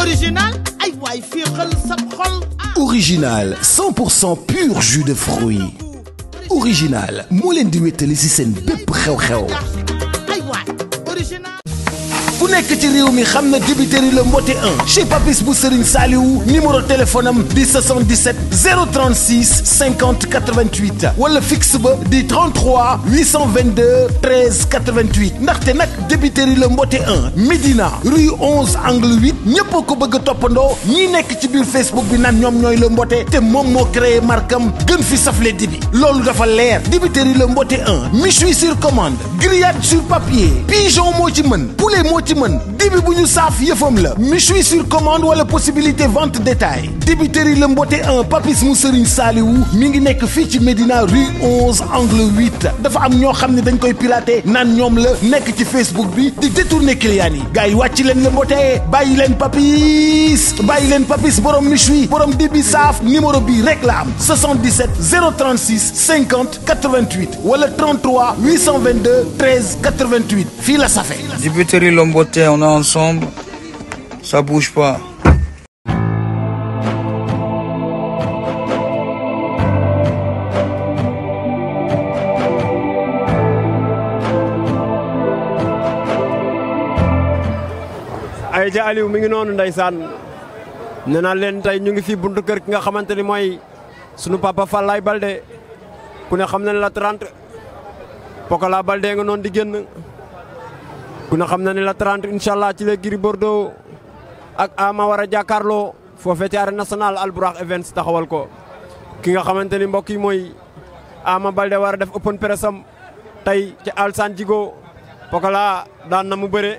original ay waay fii pur jus de fruits original moo leen di wéttali ci seen bépp xew ku nekk ci réew mi xam na débiteri le mbote 1 chez Papis bu Serigne Saliou numéro téléphone am di 77 036 50 88 wala fixe ba di 33 822 13 88 ndaxte nag débiteri la mbote 1 Médina rue 11 angle 8 ñëpp ko bëgg a toppandoo ñi nekk ci biir Facebook bi naan ñoom ñooy le mbote te moom moo créé markam gën fi safle dibi loolu dafa leer débiteri le mbote 1 méchoui sur commande grillade sur papier pigeon moo ci mën poulet moo ci ci mën dibi bu ñu saaf yëfam la méchoui sur commande wala possibilité vente détail débiteri la mbote un papis mu sëriñ saaliwu mi ngi nekk fii ci Médina rue 11 angle 8 dafa am ñoo xam ne dañ koy piraté naan ñoom la nekk ci Facebook bi di détourner clients yi gars yi wàcc leen la mbote bàyyi leen papis bàyyi leen papis borom méchoui borom dibi saaf numéro bi rek la am 77 036 50 88 wala 33 822 13 88 fii la safe débiteri beauté, on est ensemble. Ça ay ja Aliou mi ngi noonu ndeysaan nee naa leen tey ñu ngi fii buntu kër ki nga xamante ni mooy sunu papa Fallaye Balde ku ne xam na ne la 30 Pokola Balde nga noonu di génn. ku na xam na ne la 30 incha allah ci la Gris Bordeaux ak Ama war a jàkkaarloo foofee ci arène nationale Albourakh Events taxawal ko ki nga xamante ni mbokk yi mooy Ama Baldé war a def open press am tey ci Alsan Jigo Pokola daan na mu bëre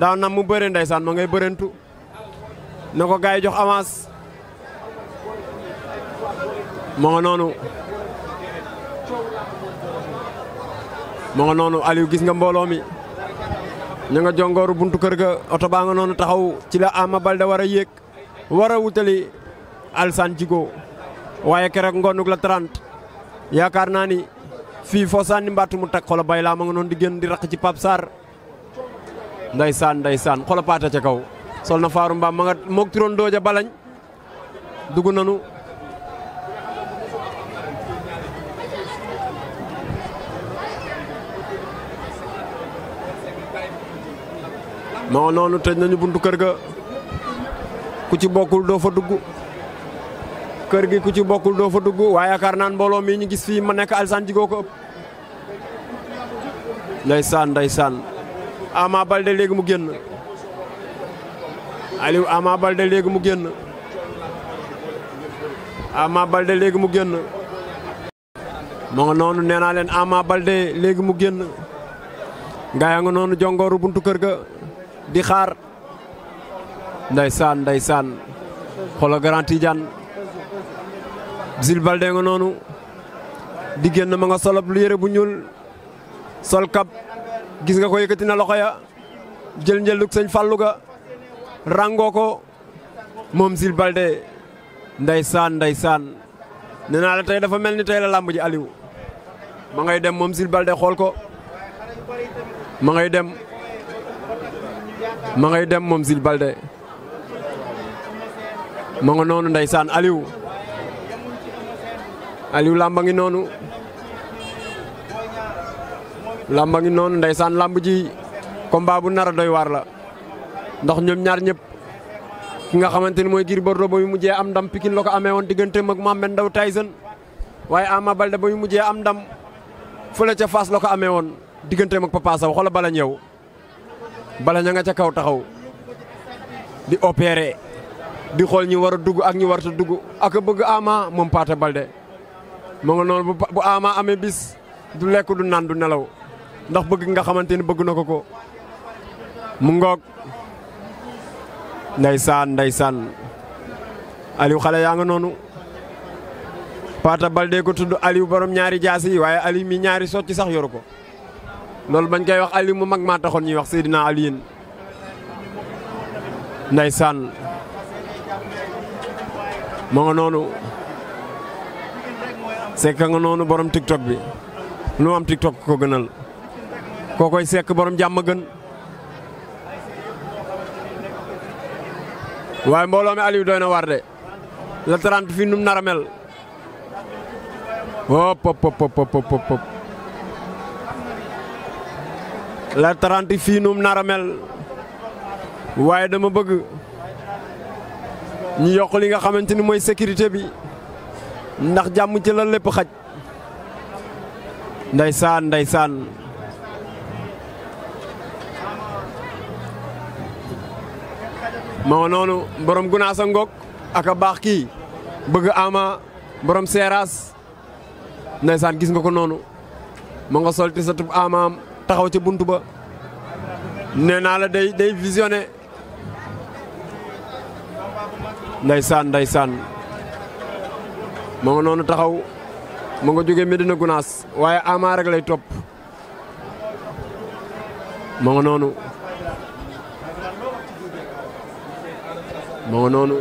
daan na mu bëre ndeysaan ma ngay bërentu na ko gars yi jox avance ma nga noonu ma nga noonu Aliou gis nga mbooloo mi ña nga jongooru buntu kër ga oto baa nga noonu taxaw ci la Ama Baldé war a yéeg war a wutali Alsaan Jigo waaye keroog ngoonug la 30 yaakaar naa ni fii foo sànni mbaatu mu tag xola bay laa ma nga noonu di génn di raq ci Pape Sarr ndeysaan ndeysaan xola paata ca kaw sol na faaru mbaam ma nga moog turoon dooja balañ dugg nanu non noonu tëj nañu buntu kër ga ku ci bokkul doo fa dugg kër gi ku ci bokkul doo fa dugg waaye yaakaar naan bolo mii ñu gis fii ma nekk Alassane Djigo ko ëpp. ndeysaan ndeysaan Ama Baldé léegi mu génn Aliou Ama Baldé léegi mu génn Ama Baldé léegi mu génn. moo nga noonu nee naa leen Ama Baldé léegi mu génn. gaa nga noonu jongooru buntu kër ga. di xaar ndeysaan ndeysaan xoolal Grand Tidiane Jules Baldé nga noonu di génn ma nga solob lu yëre bu ñuul sol gis nga ko yëkkati na loxo ya jël njëllug sëñ Fallou ga ràngoo ko moom Jules Baldé saan ndeysaan saan naa la tey dafa mel ni tey la làmb ji Aliou ma ngay dem moom silbalde xool ko ma ngay dem ma ngay dem moom Jules Baldé ma nga noonu ndeysaan Aliou Aliou làmba ngi noonu làmba ngi noonu ndeysaan làmb ji combat bu nara a doy waar la ndax ñoom ñaar ñëpp ki nga xamante ni mooy Gris Bordeaux ba mu mujjee am ndam Pikine la ko amee woon digganteem ak ndaw Ndao Tyson waaye Ama Baldé ba mu mujjee am ndam fële ca Fass la ko amee woon diggante ak Papa Sow bala ñëw bala ña nga ca kaw taxaw di opérer di xool ñi war a dugg ak ñi warta dugg ak bëgg Ama moom Pathé balde moo nga noonu bu Ama amee bis du lekk du naan du nelaw ndax bëgg nga xamante ni bëgg na ko ko mu ngoog ndeysaan saan Aliou xale yaa nga noonu Pathé Baldé ko tudd Aliou borom ñaari jaas yi waaye Aliou mi ñaari socc sax yoru ko loolu bañ koy wax ali mu mag maa taxoon ñuy wax Seydina Aliyin ndeysaan ma nga noonu sekk nga noonu borom tiktok bi lu am tiktok ko gënal koo koy sekk borom jàmm gën waaye mbooloo mi Aliou doy na war la 30 fii num nar a mel hop la 30 fii num nar a mel waaye dama bëgg ñu yokk li nga xamante ni mooy sécurité bi ndax jàmm ci la lépp xaj ndeysaan ndeysaan moo noonu borom gunaas a ngoog ak a baax kii bëgg ama borom seeraas ndeysaan gis nga ko noonu ma nga sol tisatub amaam taxaw ci bunt ba nee naa la day day visionné ndeysaan ndeysaan ma nga noonu taxaw ma nga jógee Medina Gunaas waaye Ama rek lay topp ma nga noonu ma nga noonu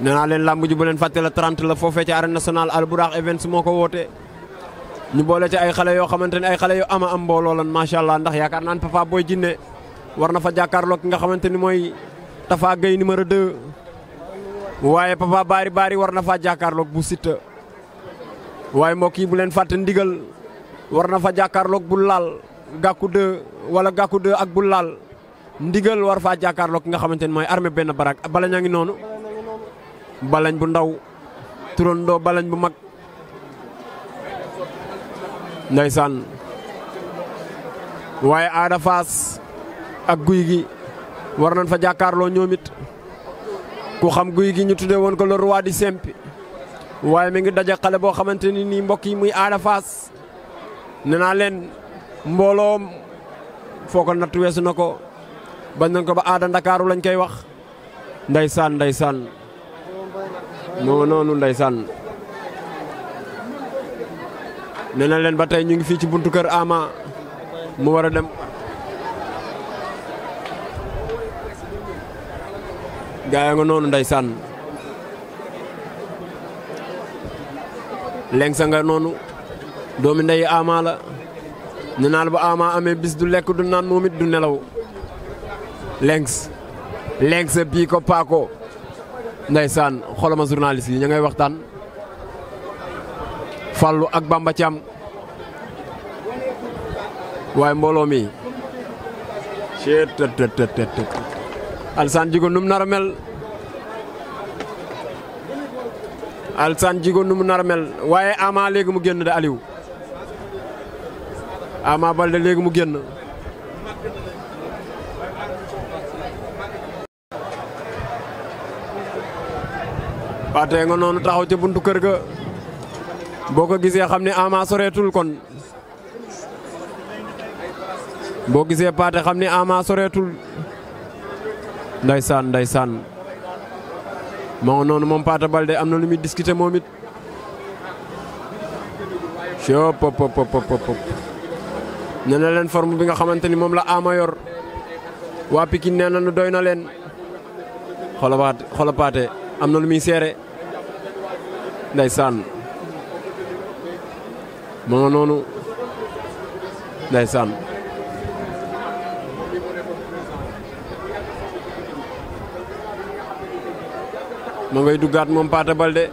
nee leen làmb ji bu leen fàtte la 30 la foofee ci arène nationale Albourakh Events moo ko woote ñu boole ci ay xale yoo xamante ne ay xale yoo ama am mbooloo lan macha allah ndax yaakaar naan Papa Boy Djiné war na fa jàkkaarloo ki nga xamante ni mooy Tafa Gueye numéro 2. waaye Papa baari baari war na fa jàkkaarloog bu Siteu waaye mbokk yi bu leen fàtte ndigal war na fa jàkkaarloog bu laal gàkku 2 wala gàkku 2 ak bu laal ndigal war faa jàkkaarloog ki nga xamante ni mooy armée benn barak bala ñaa ngi noonu. balañ bu ndaw turandoo balañ bu mag ndeysaan waaye Ada Fass ak guy gi war nañ fa jàkkaarloo ñoom it ku xam guy gi ñu tuddee woon ko le roi du simpi waaye mi ngi daje xale boo xamante ni nii mbokk yi muy Ada Fass nee naa leen mbooloom foo ko natt weesu na ko bañ nañ ko ba aada ndakaaru lañ koy wax ndeysaan ndeysaan non noonu ndeysaan nee na leen ba tey ñu ngi fii ci buntu kër Ama mu war a dem gaaya nga noonu ndeysaan leng sa nga noonu doomi ndey Ama la ñu naan bu Ama amee bis du lekk du naan moom du nelaw lengs lengs bii ko paako ndeysaan xolama journaliste yi ñu ngay waxtaan Fallou ak Bamba Thiam waaye mbooloo mi ceet tët tët tët tët Alsaan Djigo num nar a mel Alsaan Djigo num nar a mel waaye Ama léegi mu génn de Aliou Ama Balde léegi mu génn paate nga noonu taxaw ca buntu kër ga boo ko gisee xam ne ama soreetul kon boo gisee paate xam ne ama soreetul saan ndaysaan saan nga noonu moom Pathé Baldé am na lu muy discuter moom it soo pop pop pop leen forme bi nga xamante ni moom la ama yor waa Pikine nee na nu doy na leen xola Pathé am na lu muy seere ndeysaan ma nga noonu ndeysaan ma ngay duggaat moom Pathé Baldé a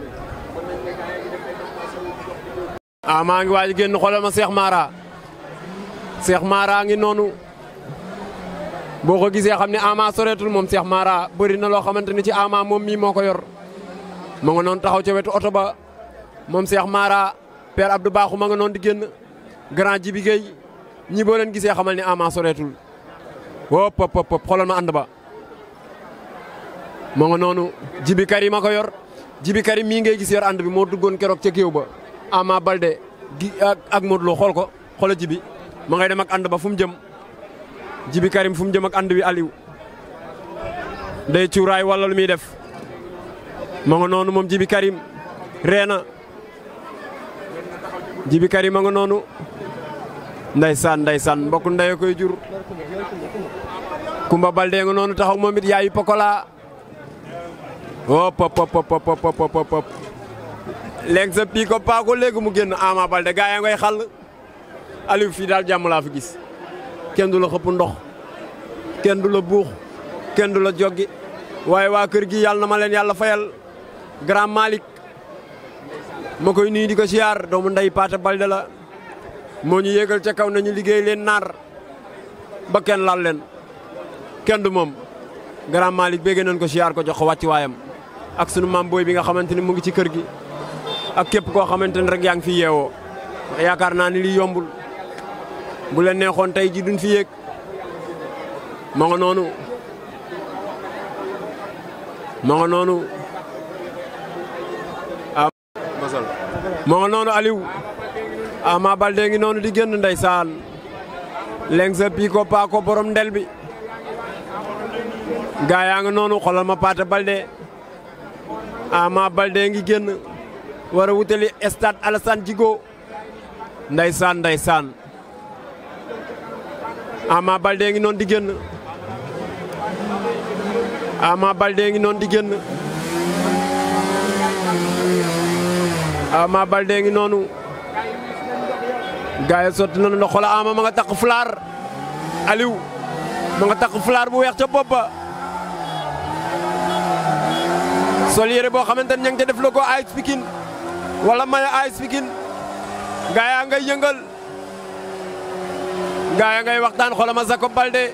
ah, maa ngi waaj génn xoolal ma Cheikh Mara Cheikh Mara ngi noonu boo ko gisee xam ne Ama soreetul moom seex Mara bëri na loo xamante ni ci Ama moom mii moo ko yor ma nga noonu taxaw ca wetu oto ba moom Cheikh Mara père Abdou Baaxu ma nga noonu di génn grand Jibi Gueye ñi boo leen gisee xamal ni Ama soreetul wop pop pop xoolal ma ànd ba moo nga noonu Jibi Karim ma ko yor Jibi Karim mii ngay gis yor ànd bi moo duggoon keroog ca kéew ba Ama Balde gi ak ak Modou xool ko xoola Jibi ma ngay dem ak ànd ba fu mu jëm. Djiby Karim fu jëm ak ànd wi Aliou day cuuraay wala lu muy def ma nga noonu moom Djiby Karim reena Djiby Karim ma nga noonu ndaysaan ndaysaan mbokk ndey koy jur Kumba Baldé nga noonu taxaw moom it yaayu Pokola hop hop hop hop hop sa pii paako léegi mu génn Ama Baldé gaa yaa ngay xàll Aliou fii daal jàmm laa fi gis kenn du la xëpp ndox kenn du la buux kenn du la joggi waaye waa kër gi yàlla na ma leen yàlla fayal grand Malick ma koy nuyu di ko siyaar doomu ndey Paate Balde la moo ñu yéegal ca kaw nañu liggéey leen naar ba kenn laal leen kenn du moom grand Malick bégg nañ ko siyaar ko jox ko wàcc waayam ak sunu maam booy bi nga xamante ni mu ngi ci kër gi ak képp koo xamante rek yaa fi yeewoo yaakaar naa ni lii yombul bu la neexoon tey ji duñ fi yéeg ma nga noonu ma nga noonu ah masal ma noonu ah, ngi noonu di génn ndeysaan leng sa pii ko borom ndel bi gaa yaa nga noonu xolal ma Pathé Baldé Ama ah, Baldé ngi génn war a wutali stade Alassane Djigo ndeysaan ndeysaan Ama Baldé ngi noonu di génn Ama Baldé ngi noonu di génn Ama Baldé ngi noonu gaay yi sotti nañu ndox xoolal Ama ma nga takk fulaar Aliou ma nga takk fulaar bu weex ca boppa ba sol yére boo xamante ne ña ngi ca def la ko AS Pikine wala maya AS Pikine gaay yaa yëngal gaa ya ngay waxtaan xolama Jacob Baldé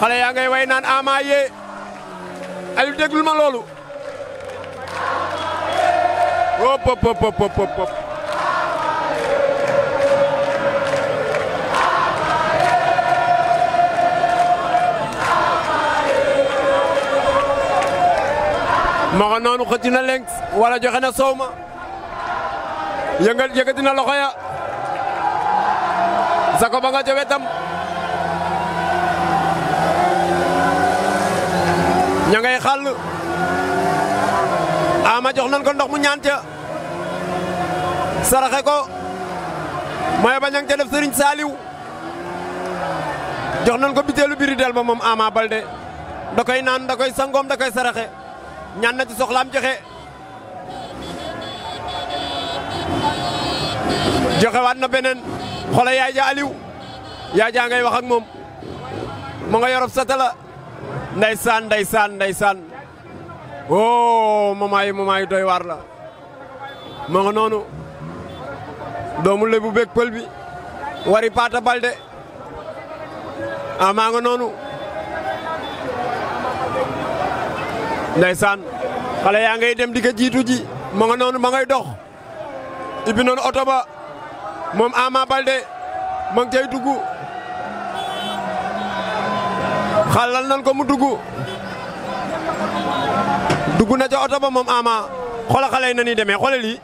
xale yaa ngay way naan Ama yee ayu déglul ma loolu hop hop noonu xëcc na lenk wala joxe na soow ma yëngal loxo ya Jacob a nga ca wetam ña xàll ama jox nan ko ndox mu ñaan ca saraxe ko mooy ba ñang def Serigne Saliou jox nan ko biteelu biri del ba moom Ama Baldé da koy naan da koy sangoom da koy saraxe ñaan na ci soxlaam joxe joxe waat na beneen xoolal yaay ja Aliou yaay ja ngay wax ak moom mu nga yorob satala ndeysaan ndeysaan ndeysaan oh moment yi moment yi doy war la ma nga noonu doomu lebu beeg pël bi wari paata balde a ah, maa nga noonu ndeysaan xale yaa ngay dem di ko jiitu ji ma nga noonu ma ngay dox ibi oto ba moom Ama Baldé ma ngi cay xal xalal nan ko mu dugg dugg na ca oto ba moom Ama xoola xale yi na ñuy demee xoola lii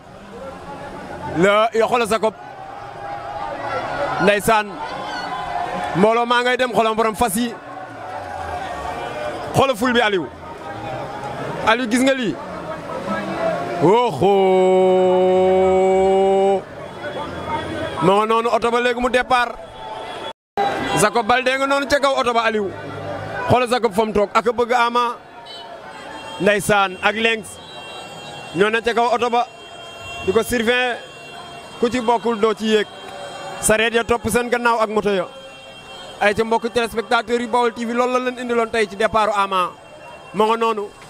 la yo xoola sa kopp ndeysaan mbooloo maa ngay dem xoola borom fas yi xoola ful bi Aliou Aliou gis nga lii oxo ma noonu oto ba léegi mu départ Jacob Baldé nga noonu ca kaw oto ba Aliou xoolal Jacob fa mu toog ak bëgg Ama ndeysaan ak leng ñoo ne ca kaw oto ba di ko surveiller ku ci bokkul doo ci yéeg sareet ya topp seen ganaaw ak moto ya ay ca mbokk téléspectateurs yi Baol TV loolu la leen indiloon tey ci départu Ama ma noonu